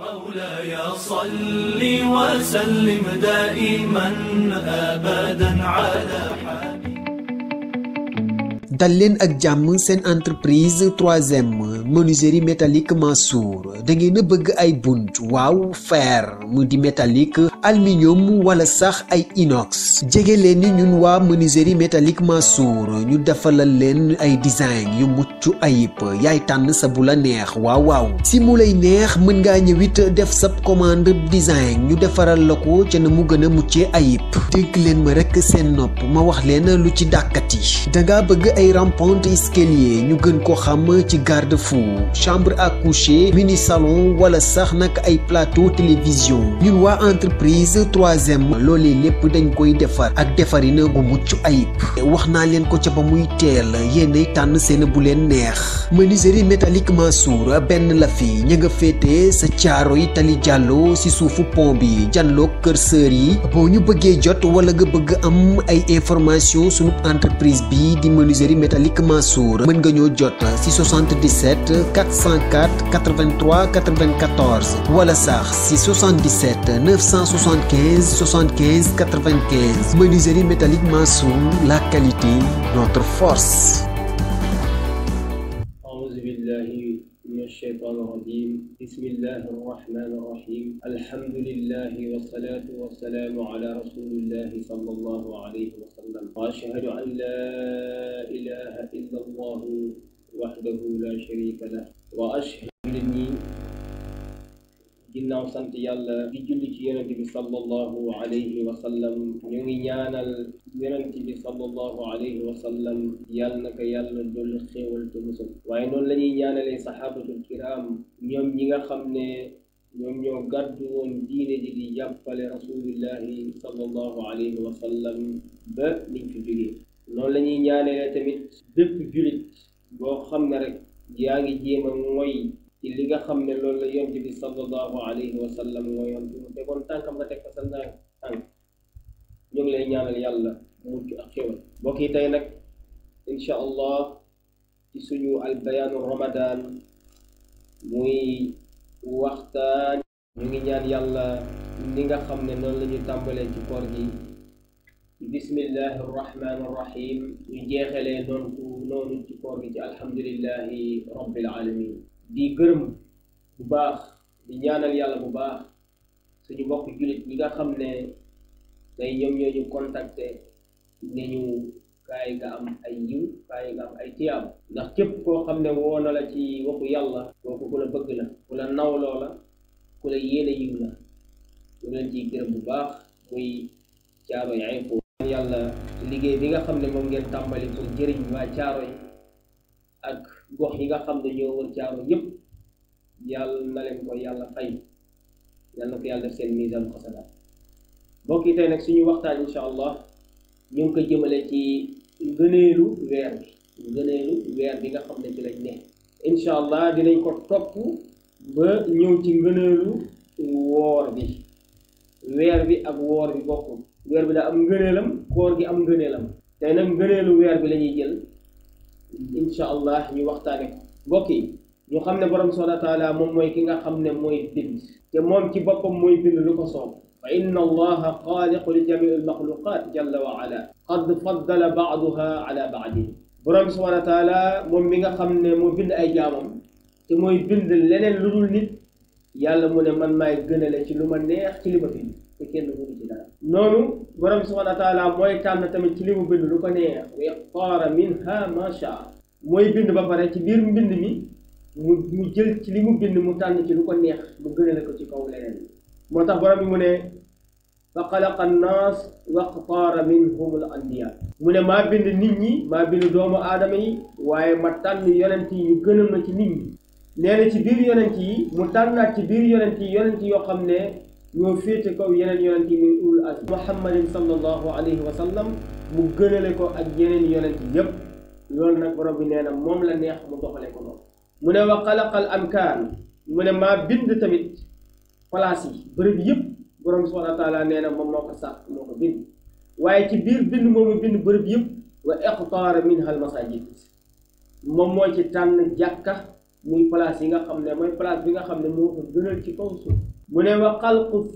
مولاي صل وسلم دائما ابدا على حبيبي دلين اجامون سين انتربريز 3 menuiserie métallique Mansour da ngeen a bëgg ay bunt waaw fer mu di métallique aluminium wala sax ay inox jege leen ni ñun waa menuiserie métallique Mansour ñu defalal leen ay design yu mucc ayib yaay tànn sa bu la neex waaw waaw si mu lay neex mën ngaa ñëwit def sa commande design ñu defaral la ko ca na mu gën a muccee ayib dégg leen ma rek seen nopp ma wax leen lu ci dàkkati da ngaa bëgg ay rampante escalier ñu gën ko xam ci garde-fou chambre à coucher mini salon wala sax nag ay plateau télévision ñun waa entreprise troisième loolee lépp dañ koy defar ak defarina bu mucc ayib wax naa leen ko ca ba muy teel yéenay tànn seen bu leen neex menuiserie métallique Mansour benn la fi ña nga féete sa caaro yi tali jàllo si suufu pont bi janloog kër sër yi boo ñu bëggee jot wala nga bëgg am ay information sunu entreprise bi di menuiserie métallique Mansour mën nga ñoo jot si 77 404 83 94 ولا ساخ 677 975 75 95 menuiserie métallique Mansour la qualité notre force. الشيطان الرجيم بسم الله الرحمن الرحيم الحمد لله والصلاة والسلام على رسول الله صلى الله عليه وسلم وأشهد أن لا إله إلا الله وحده لا شريك له واشهد اني جنا سنت يالا دي جولي سي يونتي صلى الله عليه وسلم نيغي نيانال يونتي صلى الله عليه وسلم يال نك يالا دول خيول تمسل واي نون لا ني صحابه الكرام نيوم نيغا خامني نيوم نيو غادو وون دين دي دي يابالي رسول الله صلى الله عليه وسلم ب نيك جولي نون لا ني نيانال تاميت بيب جوليت boo xam ne rek yaa ngi jéem a mooy ci li nga xam ne loolu la yonent bi sallallahu alayhi wa sallam mooy yonent tànkam nga teg ko sa ndànk tànk ñu ngi lay ñaanal yàlla mucc ak xéwal mbokk yi tey nag incha allah ci suñu albayaanu ramadan muy waxtaan ñu ngi ñaan yàlla ni nga xam ne noonu lañu tàmbalee ci koor gi bismillahi irrahmani irrahim ñu jeexalee doon ku noonu ci koor gi ci alhamdulillahi rabbil alamin di gërëm bu baax di ñaanal yàlla bu baax suñu mbokk jullit ñi nga xam ne tey ñoom ñoo ñu contacté ne ñu kaay nga am ay yiw kaay nga am ay tiyaab ndax képp koo xam ne woo na la ci waxu yàlla kooku ku la bëgg la ku la nawloo la ku la yéene yiw la ñu leen ciy gërëm bu baax muy caaba yaay yàlla liggéey bi nga xam ne moom ngeen tàmbali pour jëriñ caaro yi ak gox yi nga xam ne ñoo wër caaro yépp yàlla na leen ko yàlla fay yàlla na nag suñu waxtaan insha allah ñu ngi ko jëmale ci ngëneelu weer bi weer bi nga xam ne ci lañ ne insha allah dinañ ko topp ba ñëw ci ngëneelu woor bi weer bi ak woor bi bokkul weer bi da am ngëneelam koor gi am ngëneelam tey nag ngëneelu weer bi la ñuy jël insha allah ñu waxtaane ko mbokk yi ñu xam ne borom subhana taala moom mooy ki nga xam ne mooy bind te moom ci boppam mooy bind lu ko soob fa inna allah xaaliqu li jamii almaxluqat jalla wa ala qad faddala baaduha ala baadin borom subhana taala moom mi nga xam ne moo bind ay jaamam te mooy bind leneen lu dul nit yàlla mu ne man maay gënale ci lu ma neex ci li ma bind te kenn mënu ci dara noonu borom subhanahu wa taala mooy tànn tamit ci li mu bind lu ko neex wa yaxtaara minha ma shaa mooy bind ba pare ci biir mbind mi mu mu jël ci li mu bind mu tànn ci lu ko neex mu gënale ko ci kaw leneen moo tax borom bi mu ne fa xalaqa annaas waxtaara minhum al anbiya mu ne maa bind nit ñi maa bind doomu aadama yi waaye ma tànn yonent yi ñu gënal ma ci nit ñi nee na ci biir yonent yi mu tànnaat ci biir yonent yi yonent yoo xam ne ñoo féete kaw yeneen yonent yi muy ulul as muhammadin sallallahu alayhi wa sallam mu gënale ko ak yeneen yonent yépp loolu nag borom bi nee na moom la neex mu doxale ko noonu mu ne wa xalaqal amkaan mu ne maa bind tamit place yi bërëb yépp borom bi subhanahu wa taala nee na moom moo ko sàkk moo ko bind waaye ci biir bind moomu bind bërëb yépp wa iqtaara minha al masajid moom moo ci tànn jàkka muy place yi nga xam ne mooy place bi nga xam ne moo ko gënal ci kaw suuf من وقلق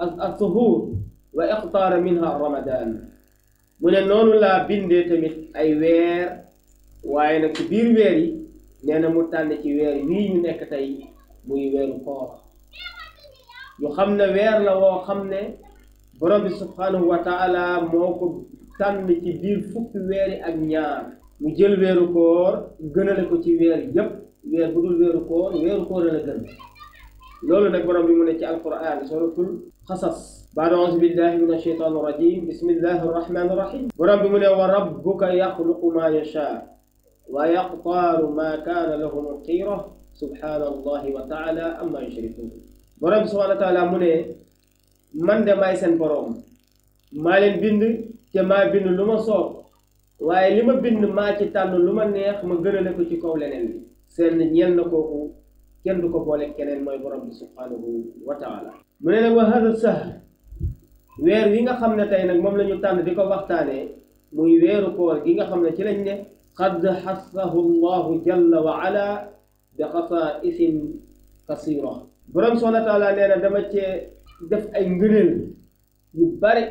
الطهور واقطار منها رمضان من نون لا بند تمت اي وير واين كبير ويري نانا موتان كي وير وي ني نيك تاي موي وير كور يو خمنا وير لا وو خمنا برب سبحانه وتعالى موكو تان كي بير فوك ويري اك نيار مو جيل ويرو كور گنالكو وير ييب وير بودول وير كور لا گنالكو لولو نك بروم بيمو نتي القران سوره القصص بعد اعوذ بالله من الشيطان الرجيم بسم الله الرحمن الرحيم بروم بيمو نيو ربك يخلق ما يشاء ويقتار ما كان له مقيرة سبحان الله وتعالى اما يشركون بروم سبحانه وتعالى مو ني من دي ماي سن بروم ما لين بيند تي ما بيند لوما سو واي لما بيند ما تي تان لوما نيه ما گنالكو تي كو لنين سن نيل نكو kenn du ko boole keneen mooy borom bi subhanahu wa taala mu ne nag wa hada sahr weer wi nga xam ne tey nag moom la ñu tànn di ko waxtaanee muy weeru koor gi nga xam ne ci lañ ne qad xassahu allahu jalla wa ala bi xasaisin kasira borom subhanahu wa taala nee na dama cee def ay ngëneel yu bare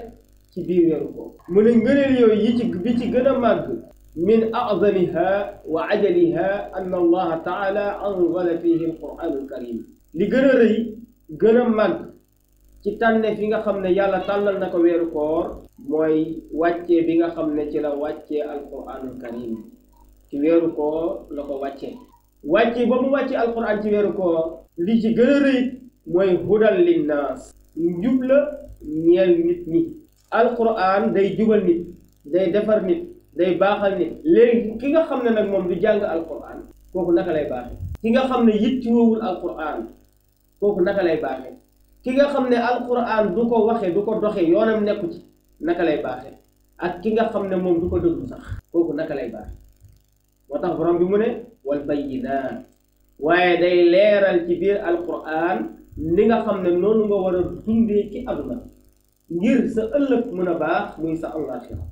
ci biir weeru koor mu ne ngëneel yooyu yi ci bi ci gën a màgg من أعظمها وعجلها أن الله تعالى أنزل فيه القرآن الكريم لجرري جرم من كتان فيغا خمنا يالا تالل نكو وير كور موي واتي بيغا خمنا تي لا واتي القرآن الكريم تي وير كور لوكو واتي واتي بامو واتي القرآن تي وير كور لي جي جرري موي هودال للناس نيوبلا نيل نيت ني القرآن داي جوبل نيت داي ديفر نيت day baxal ni léegi ki nga xamne nak mom du jàng alquran kooku naka lay baxé ki nga xamne ne yittiwoowul alquran kooku naka lay baxé ki nga xamne alquran du ko waxé du ko doxé yonam nekku ci naka lay baxé ak ki nga xamne mom du ko déglu sax kooku naka lay baxé motax borom bi mu ne wal bayyinaat waye day leral ci bir alquran li nga xamne nonu nga wara dundé ci aduna ngir sa ëlëk mëna a baax muy sa àllaaxira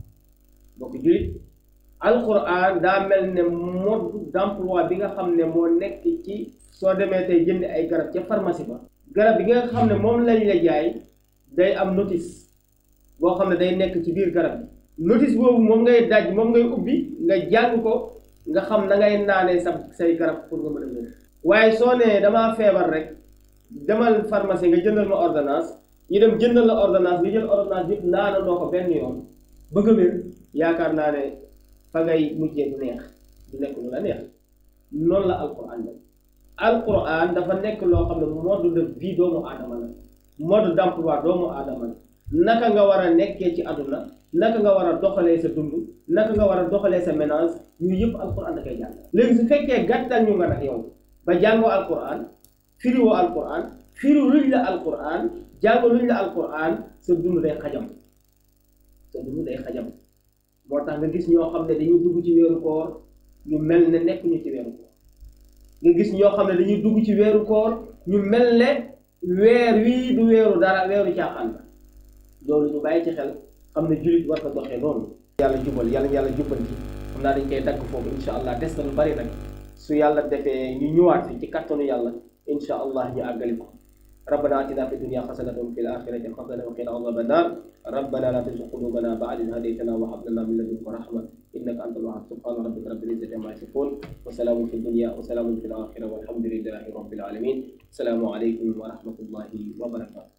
bokk jullit alquran daa mel ne mode d'emploi bi nga xam ne moo nekk ci soo demee tey jëndi ay garab ca pharmacie ba garab bi nga xam ne moom lañ la jaay day am notice boo xam ne day nekk ci biir garab bi notice boobu moom ngay daj moom ngay ubbi nga jàng ko nga xam na ngay naanee sa say garab pour nga mën a wér waaye soo nee damaa feebar rek demal pharmacie nga jëndal ma ordonnance ñu dem jëndal la ordonnance nga jël ordonnance yëpp naanandoo ko benn yoon yaakaar naa ne fa ngay mujjee du neex du nekk lu la neex loolu la alquran nag alquran dafa nekk loo xam ne mode de vie doomu aadama la mode d'emploi doomu naka nga war a nekkee ci àdduna naka nga war a doxalee sa dund naka nga war a doxalee sa ménage yooyu yëpp alquran da koy jàng léegi su fekkee gàttal ñu nga nag yow ba jàngoo alquran firiwoo alquran firi luñ la alquran jàngo luñ la alquran sa dund day xajam sa dund day xajam moo tax nga gis ñoo xam ne dañuy dugg ci weeru koor ñu mel ne nekk ñu ci weeru koor nga gis ñoo xam ne dañuy dugg ci weeru koor ñu mel ne weer wii du weeru dara weeru caaxaan la loolu ñu bàyyi ci xel xam ne jullit war na doxee noonu yàlla jubal yàlla yàlla jubal ci xam naa dañ koy dagg foofu incha allah des na lu bari nag su yàlla defee ñu ñëwaat fi ci kattanu yàlla incha allah ñu àggali ko ربنا آتنا في الدنيا حسنة وفي الآخرة حسنة وقنا عذاب النار ربنا لا تزغ قلوبنا بعد إذ هديتنا وهب لنا من لدنك رحمة إنك أنت الوهاب سبحان ربك رب العزة عما يصفون وسلام في الدنيا وسلام في الآخرة والحمد لله رب العالمين السلام عليكم ورحمة الله وبركاته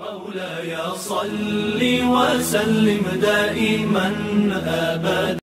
مولاي صل وسلم دائما أبدا